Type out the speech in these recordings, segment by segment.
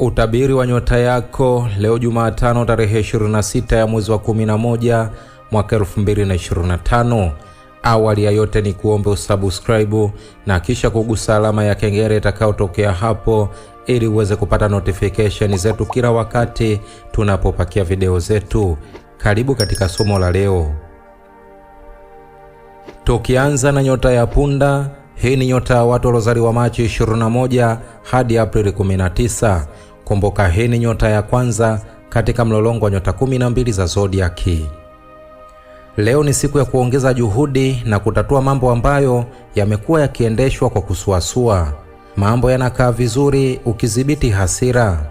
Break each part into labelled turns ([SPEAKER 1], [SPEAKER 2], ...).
[SPEAKER 1] Utabiri wa nyota yako leo Jumatano tarehe 26 ya mwezi wa 11 mwaka 2025. Awali ya yote ni kuombe usubscribe na kisha kugusa alama ya kengele itakayotokea hapo ili uweze kupata notification zetu kila wakati tunapopakia video zetu. Karibu katika somo la leo. Tukianza na nyota ya punda, hii ni nyota ya watu waliozaliwa Machi 21 hadi Aprili 19. Kumbuka hii ni nyota ya kwanza katika mlolongo wa nyota mbili za zodiaki. Leo ni siku ya kuongeza juhudi na kutatua mambo ambayo yamekuwa yakiendeshwa kwa kusuasua. Mambo yanakaa vizuri ukidhibiti hasira.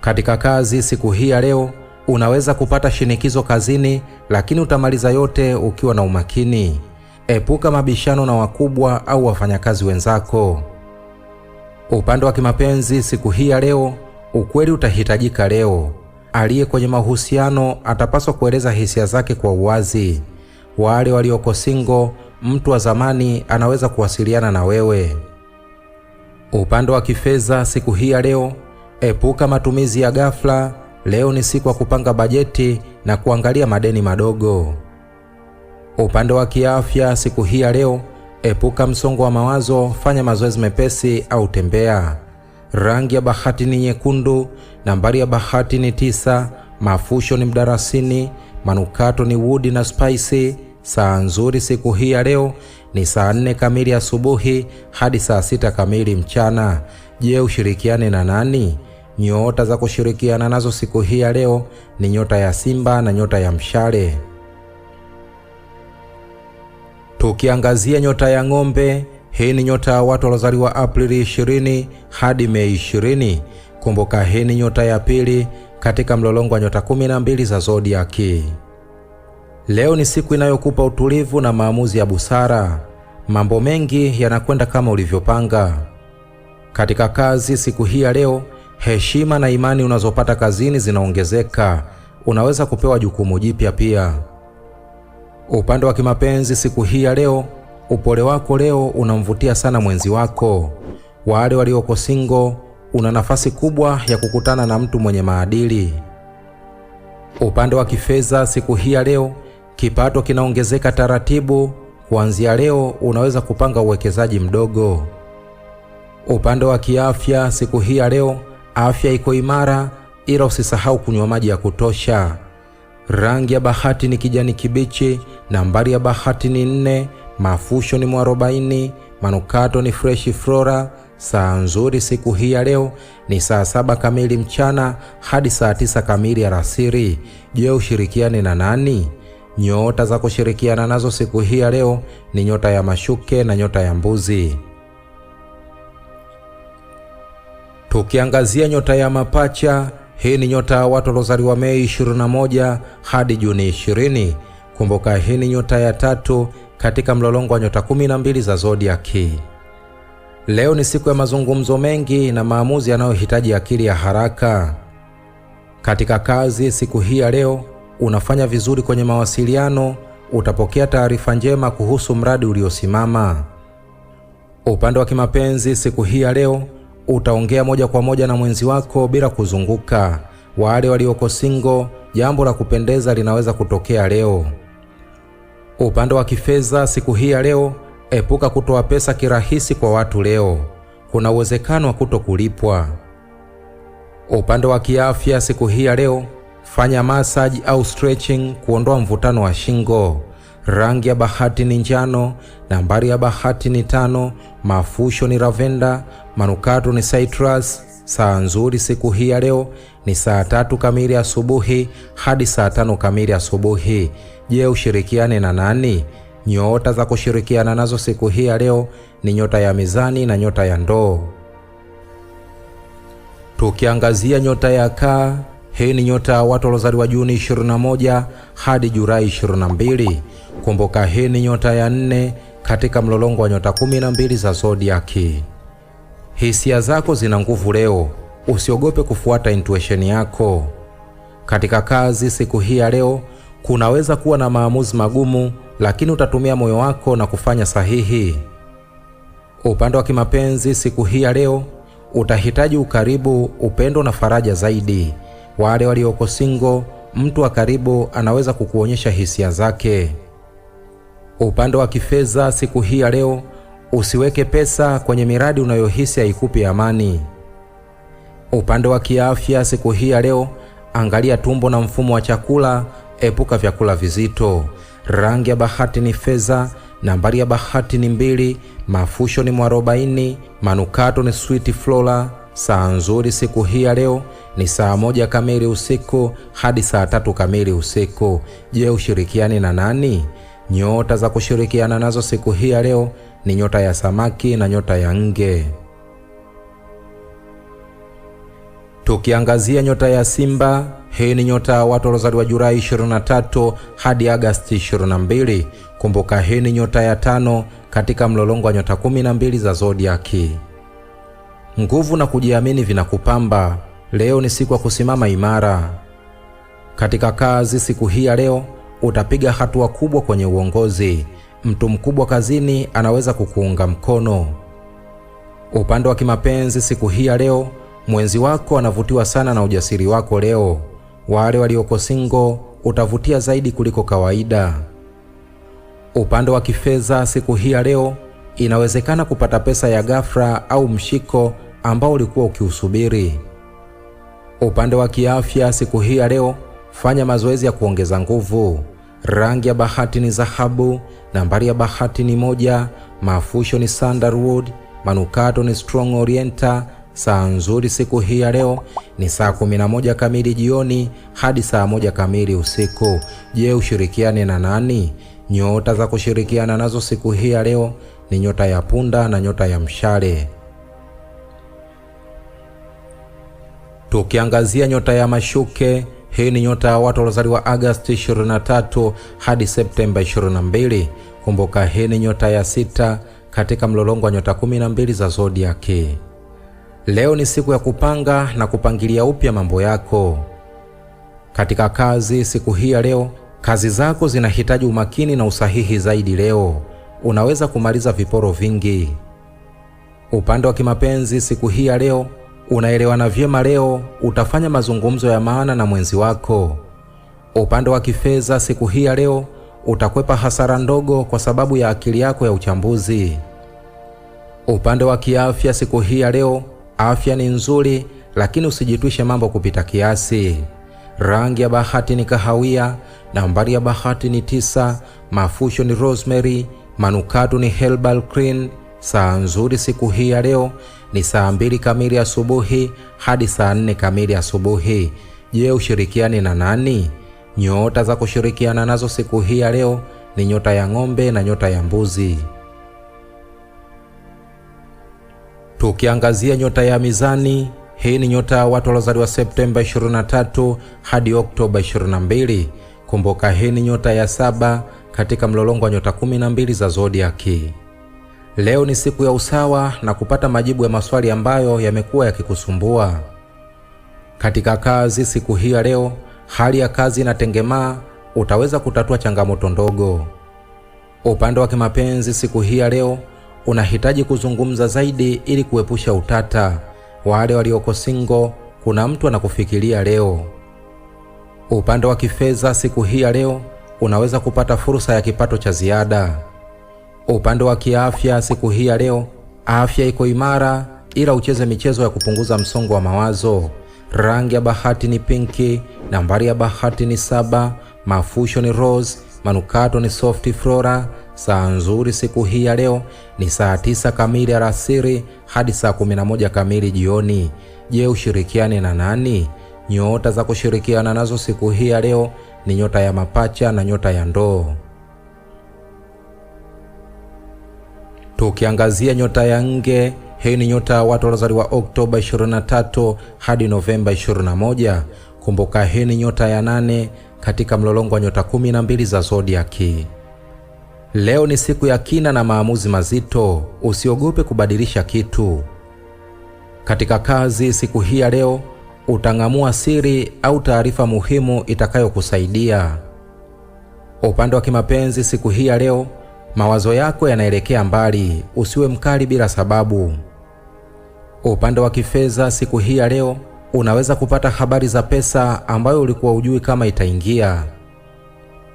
[SPEAKER 1] Katika kazi siku hii ya leo, unaweza kupata shinikizo kazini, lakini utamaliza yote ukiwa na umakini. Epuka mabishano na wakubwa au wafanyakazi wenzako. Upande wa kimapenzi siku hii ya leo, ukweli utahitajika leo. Aliye kwenye mahusiano atapaswa kueleza hisia zake kwa uwazi. Wale walioko singo, mtu wa zamani anaweza kuwasiliana na wewe. Upande wa kifedha siku hii ya leo, epuka matumizi ya ghafla. Leo ni siku ya kupanga bajeti na kuangalia madeni madogo. Upande wa kiafya siku hii ya leo, Epuka msongo wa mawazo, fanya mazoezi mepesi au tembea. Rangi ya bahati ni nyekundu. Nambari ya bahati ni tisa. Mafusho ni mdarasini. Manukato ni wudi na spaisi. Saa nzuri siku hii ya leo ni saa nne kamili asubuhi hadi saa sita kamili mchana. Je, ushirikiane na nani? Nyota za kushirikiana nazo siku hii ya leo ni nyota ya Simba na nyota ya Mshale. Tukiangazia nyota ya ng'ombe, hii ni nyota ya watu waliozaliwa Aprili 20 hadi Mei 20. Kumbuka, hii ni nyota ya pili katika mlolongo wa nyota 12 za zodiaki. Leo ni siku inayokupa utulivu na maamuzi ya busara. Mambo mengi yanakwenda kama ulivyopanga. Katika kazi siku hii ya leo, heshima na imani unazopata kazini zinaongezeka. Unaweza kupewa jukumu jipya pia. Upande wa kimapenzi siku hii ya leo, upole wako leo unamvutia sana mwenzi wako. Wale walioko singo, una nafasi kubwa ya kukutana na mtu mwenye maadili. Upande wa kifedha siku hii ya leo, kipato kinaongezeka taratibu. Kuanzia leo unaweza kupanga uwekezaji mdogo. Upande wa kiafya siku hii ya leo, afya iko imara, ila usisahau kunywa maji ya kutosha. Rangi ya bahati ni kijani kibichi. Nambari ya bahati ni nne. Mafusho ni mwarobaini. Manukato ni freshi flora. Saa nzuri siku hii ya leo ni saa saba kamili mchana hadi saa tisa kamili alasiri. Je, ushirikiane na nani? Nyota za kushirikiana nazo siku hii ya leo ni nyota ya mashuke na nyota ya mbuzi. Tukiangazia nyota ya mapacha hii ni nyota ya watu waliozaliwa Mei 21 hadi Juni 20. Kumbuka, hii ni nyota ya tatu katika mlolongo wa nyota 12 za zodiaki. Leo ni siku ya mazungumzo mengi na maamuzi yanayohitaji akili ya haraka. Katika kazi siku hii ya leo, unafanya vizuri kwenye mawasiliano, utapokea taarifa njema kuhusu mradi uliosimama. Upande wa kimapenzi siku hii ya leo, utaongea moja kwa moja na mwenzi wako bila kuzunguka. Wale walioko singo, jambo la kupendeza linaweza kutokea leo. Upande wa kifedha siku hii ya leo, epuka kutoa pesa kirahisi kwa watu leo, kuna uwezekano wa kutokulipwa. kulipwa. Upande wa kiafya siku hii ya leo, fanya masaji au stretching kuondoa mvutano wa shingo. Rangi ya bahati ni njano. Nambari ya bahati ni tano. Mafusho ni lavenda. Manukato ni citrus. Saa nzuri siku hii ya leo ni saa tatu kamili asubuhi hadi saa tano kamili asubuhi. Je, ushirikiane na nani? Nyota za kushirikiana nazo siku hii ya leo ni nyota ya mizani na nyota ya ndoo. Tukiangazia nyota ya kaa, hii ni nyota ya watu waliozaliwa Juni 21 hadi Julai 22. Kumbuka, hii ni nyota ya nne katika mlolongo wa nyota 12 za zodiaki. Hisia zako zina nguvu leo, usiogope kufuata intuition yako. Katika kazi siku hii ya leo, kunaweza kuwa na maamuzi magumu, lakini utatumia moyo wako na kufanya sahihi. Upande wa kimapenzi siku hii ya leo, utahitaji ukaribu, upendo na faraja zaidi. Wale walioko single, mtu wa karibu anaweza kukuonyesha hisia zake. Upande wa kifedha siku hii ya leo Usiweke pesa kwenye miradi unayohisi haikupi amani. Upande wa kiafya siku hii ya leo, angalia tumbo na mfumo wa chakula, epuka vyakula vizito. Rangi ya bahati ni fedha, nambari ya bahati ni mbili, mafusho ni mwarobaini, manukato ni sweet flora. Saa nzuri siku hii ya leo ni saa moja kamili usiku hadi saa tatu kamili usiku. Je, ushirikiani na nani? Nyota za kushirikiana nazo siku hii ya leo ni nyota ya samaki na nyota ya nge. Tukiangazia nyota ya Simba, hii ni nyota ya watu waliozaliwa Julai 23 hadi Agasti 22. Kumbuka, hii ni nyota ya tano katika mlolongo wa nyota 12 za zodiaki. Nguvu na kujiamini vinakupamba. Leo ni siku ya kusimama imara katika kazi. Siku hii ya leo utapiga hatua kubwa kwenye uongozi mtu mkubwa kazini anaweza kukuunga mkono. Upande wa kimapenzi siku hii ya leo, mwenzi wako anavutiwa sana na ujasiri wako leo. Wale walioko singo utavutia zaidi kuliko kawaida. Upande wa kifedha siku hii ya leo, inawezekana kupata pesa ya ghafla au mshiko ambao ulikuwa ukiusubiri. Upande wa kiafya siku hii ya leo, fanya mazoezi ya kuongeza nguvu. Rangi ya bahati ni dhahabu, nambari ya bahati ni moja, mafusho ni sandalwood, manukato ni strong orienta. Saa nzuri siku hii ya leo ni saa 11 kamili jioni hadi saa moja kamili usiku. Je, ushirikiane na nani? Nyota za kushirikiana nazo siku hii ya leo ni nyota ya punda na nyota ya mshale. Tukiangazia nyota ya mashuke hii ni nyota ya watu waliozaliwa Agosti 23 hadi Septemba 22. Kumbuka, hii ni nyota ya sita katika mlolongo wa nyota 12 za zodiaki. Leo ni siku ya kupanga na kupangilia upya mambo yako. Katika kazi siku hii ya leo, kazi zako zinahitaji umakini na usahihi zaidi. Leo unaweza kumaliza viporo vingi. Upande wa kimapenzi siku hii ya leo unaelewana vyema leo, utafanya mazungumzo ya maana na mwenzi wako. Upande wa kifedha siku hii ya leo utakwepa hasara ndogo kwa sababu ya akili yako ya uchambuzi. Upande wa kiafya siku hii ya leo, afya ni nzuri, lakini usijitwishe mambo kupita kiasi. Rangi ya bahati ni kahawia. Nambari ya bahati ni tisa. Mafusho ni rosemary. Manukato ni herbal cream. Saa nzuri siku hii ya leo ni saa mbili kamili asubuhi hadi saa nne kamili asubuhi. Je, ushirikiani na nani? Nyota za kushirikiana nazo siku hii ya leo ni nyota ya ng'ombe na nyota ya mbuzi. Tukiangazia nyota ya mizani, hii ni nyota ya watu waliozaliwa Septemba 23 hadi Oktoba 22. Kumbuka, hii ni nyota ya saba katika mlolongo wa nyota 12 za zodiaki. Leo ni siku ya usawa na kupata majibu ya maswali ambayo yamekuwa yakikusumbua katika kazi. Siku hii ya leo, hali ya kazi inatengemaa, utaweza kutatua changamoto ndogo. Upande wa kimapenzi, siku hii ya leo, unahitaji kuzungumza zaidi ili kuepusha utata. Wale walioko singo, kuna mtu anakufikiria leo. Upande wa kifedha, siku hii ya leo, unaweza kupata fursa ya kipato cha ziada. Upande wa kiafya siku hii ya leo, afya iko imara, ila ucheze michezo ya kupunguza msongo wa mawazo. Rangi ya bahati ni pinki, nambari ya bahati ni saba, mafusho ni rose, manukato ni soft flora. Saa nzuri siku hii ya leo ni saa tisa kamili alasiri hadi saa kumi na moja kamili jioni. Je, ushirikiane na nani? Nyota za kushirikiana nazo siku hii ya leo ni nyota ya mapacha na nyota ya ndoo. tukiangazia nyota ya nge. Hii ni nyota ya watu waliozaliwa Oktoba 23 hadi Novemba 21. Kumbuka, hii ni nyota ya nane katika mlolongo wa nyota 12 za zodiaki. Leo ni siku ya kina na maamuzi mazito, usiogope kubadilisha kitu. Katika kazi siku hii ya leo, utang'amua siri au taarifa muhimu itakayokusaidia. Upande wa kimapenzi siku hii ya leo, mawazo yako yanaelekea mbali. Usiwe mkali bila sababu. Upande wa kifedha siku hii ya leo, unaweza kupata habari za pesa ambayo ulikuwa ujui kama itaingia.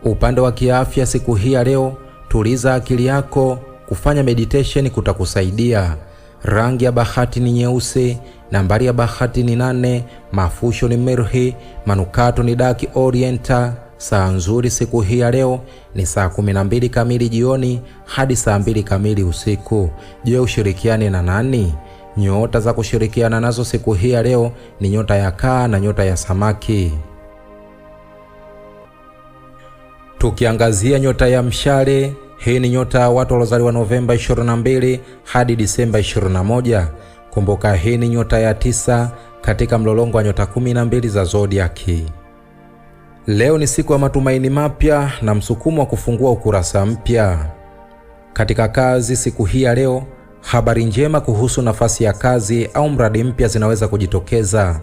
[SPEAKER 1] Upande wa kiafya siku hii ya leo, tuliza akili yako, kufanya meditation kutakusaidia. Rangi ya bahati ni nyeusi, nambari ya bahati ni nane, mafusho ni mirhi, manukato ni daki orienta. Saa nzuri siku hii ya leo ni saa 12 kamili jioni hadi saa 2 kamili usiku. Je, ushirikiane na nani? Nyota za kushirikiana nazo siku hii ya leo ni nyota ya kaa na nyota ya samaki. Tukiangazia nyota ya mshale, hii ni nyota ya watu waliozaliwa Novemba 22 hadi Disemba 21. Kumbuka, hii ni nyota ya tisa katika mlolongo wa nyota 12 za zodiaki. Leo ni siku ya matumaini mapya na msukumo wa kufungua ukurasa mpya. Katika kazi siku hii ya leo, habari njema kuhusu nafasi ya kazi au mradi mpya zinaweza kujitokeza.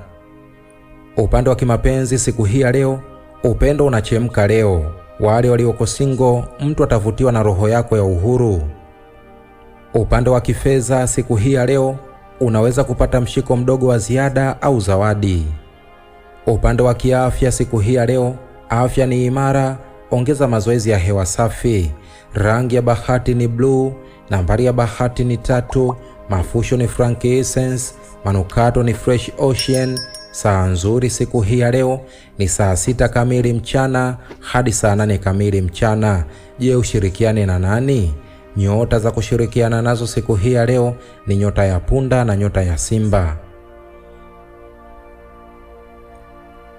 [SPEAKER 1] Upande wa kimapenzi siku hii ya leo, upendo unachemka leo. Wale walioko single, mtu atavutiwa na roho yako ya uhuru. Upande wa kifedha siku hii ya leo, unaweza kupata mshiko mdogo wa ziada au zawadi upande wa kiafya siku hii ya leo, afya ni imara. Ongeza mazoezi ya hewa safi. Rangi ya bahati ni bluu. Nambari ya bahati ni tatu. Mafusho ni frankincense. Manukato ni fresh ocean. Saa nzuri siku hii ya leo ni saa sita kamili mchana hadi saa nane kamili mchana. Je, ushirikiane na nani? Nyota za kushirikiana nazo siku hii ya leo ni nyota ya punda na nyota ya simba.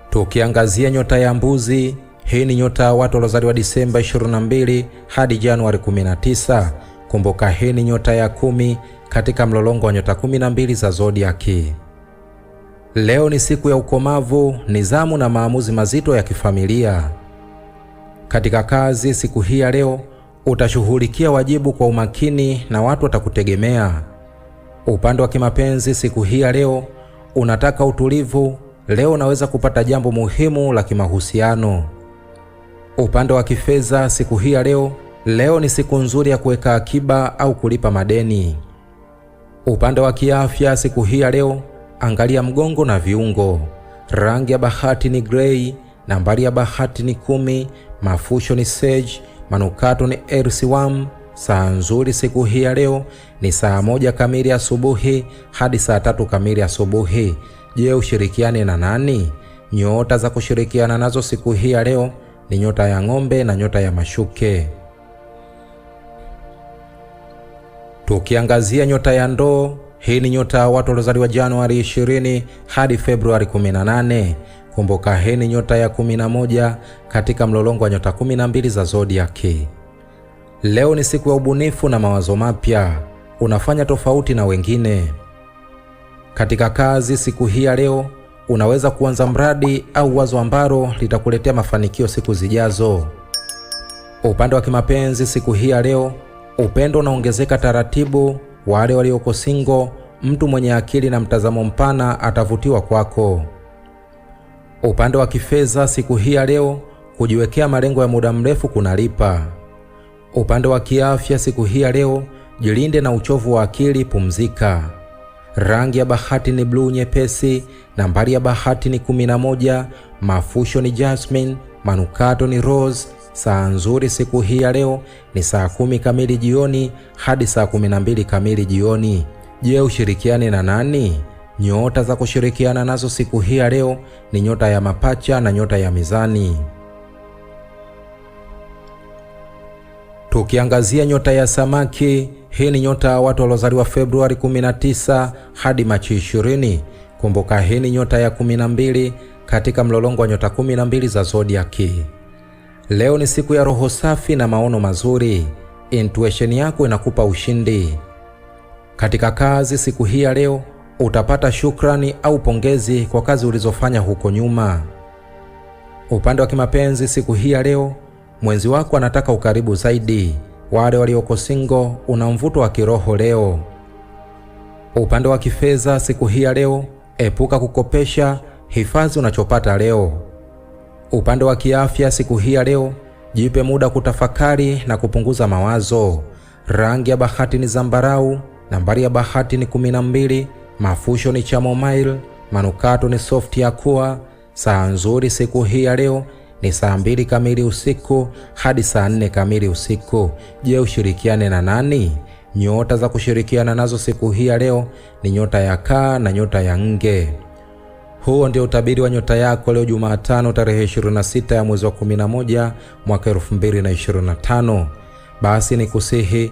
[SPEAKER 1] Tukiangazia nyota ya mbuzi, hii ni nyota ya watu waliozaliwa Disemba 22 hadi Januari 19. Kumbuka, hii ni nyota ya kumi katika mlolongo wa nyota 12 za zodiaki. Leo ni siku ya ukomavu, nidhamu na maamuzi mazito ya kifamilia. Katika kazi siku hii ya leo, utashughulikia wajibu kwa umakini na watu watakutegemea. Upande wa kimapenzi siku hii ya leo, unataka utulivu leo unaweza kupata jambo muhimu la kimahusiano. Upande wa kifedha siku hii ya leo, leo ni siku nzuri ya kuweka akiba au kulipa madeni. Upande wa kiafya siku hii ya leo, angalia mgongo na viungo. Rangi ya bahati ni grey, nambari ya bahati ni kumi, mafusho ni sage, manukato ni ersiwam. Saa nzuri siku hii ya leo ni saa moja kamili asubuhi hadi saa tatu kamili asubuhi. Je, ushirikiane na nani? Nyota za kushirikiana nazo siku hii ya leo ni nyota ya ng'ombe na nyota ya mashuke. Tukiangazia nyota ya ndoo, hii ni nyota ya watu waliozaliwa Januari 20 hadi Februari 18. Kumbuka, hii ni nyota ya 11 katika mlolongo wa nyota 12 za zodiaki. Leo ni siku ya ubunifu na mawazo mapya, unafanya tofauti na wengine. Katika kazi siku hii ya leo, unaweza kuanza mradi au wazo ambalo litakuletea mafanikio siku zijazo. Upande wa kimapenzi siku hii ya leo, upendo unaongezeka taratibu. Wale walioko singo, mtu mwenye akili na mtazamo mpana atavutiwa kwako. Upande wa kifedha siku hii ya leo, kujiwekea malengo ya muda mrefu kunalipa. Upande wa kiafya siku hii ya leo, jilinde na uchovu wa akili, pumzika. Rangi ya bahati ni bluu nyepesi, nambari ya bahati ni 11, mafusho ni jasmine, manukato ni rose. Saa nzuri siku hii ya leo ni saa kumi kamili jioni hadi saa mbili kamili jioni. Je, ushirikiane na nani? Nyota za kushirikiana nazo siku hii ya leo ni nyota ya mapacha na nyota ya mizani. Tukiangazia nyota ya samaki, hii ni nyota ya watu waliozaliwa Februari 19 hadi Machi 20. Kumbuka hii ni nyota ya 12 katika mlolongo wa nyota 12 za zodiaki. Leo ni siku ya roho safi na maono mazuri. Intuition yako inakupa ushindi katika kazi. Siku hii ya leo utapata shukrani au pongezi kwa kazi ulizofanya huko nyuma. Upande wa kimapenzi, siku hii ya leo mwenzi wako anataka ukaribu zaidi wale walioko singo una mvuto wa kiroho leo. Upande wa kifedha siku hii ya leo, epuka kukopesha, hifadhi unachopata leo. Upande wa kiafya siku hii ya leo, jipe muda kutafakari na kupunguza mawazo. Rangi ya bahati ni zambarau, nambari ya bahati ni 12, mafusho ni chamomile, manukato ni soft ya kuwa. Saa nzuri siku hii ya leo ni saa mbili kamili usiku hadi saa nne kamili usiku. Je, ushirikiane na nani? Nyota za kushirikiana nazo siku hii ya leo ni nyota ya kaa na nyota ya nge. Huo ndio utabiri wa nyota yako leo Jumatano tarehe 26 ya mwezi wa 11 mwaka 2025. Basi ni kusihi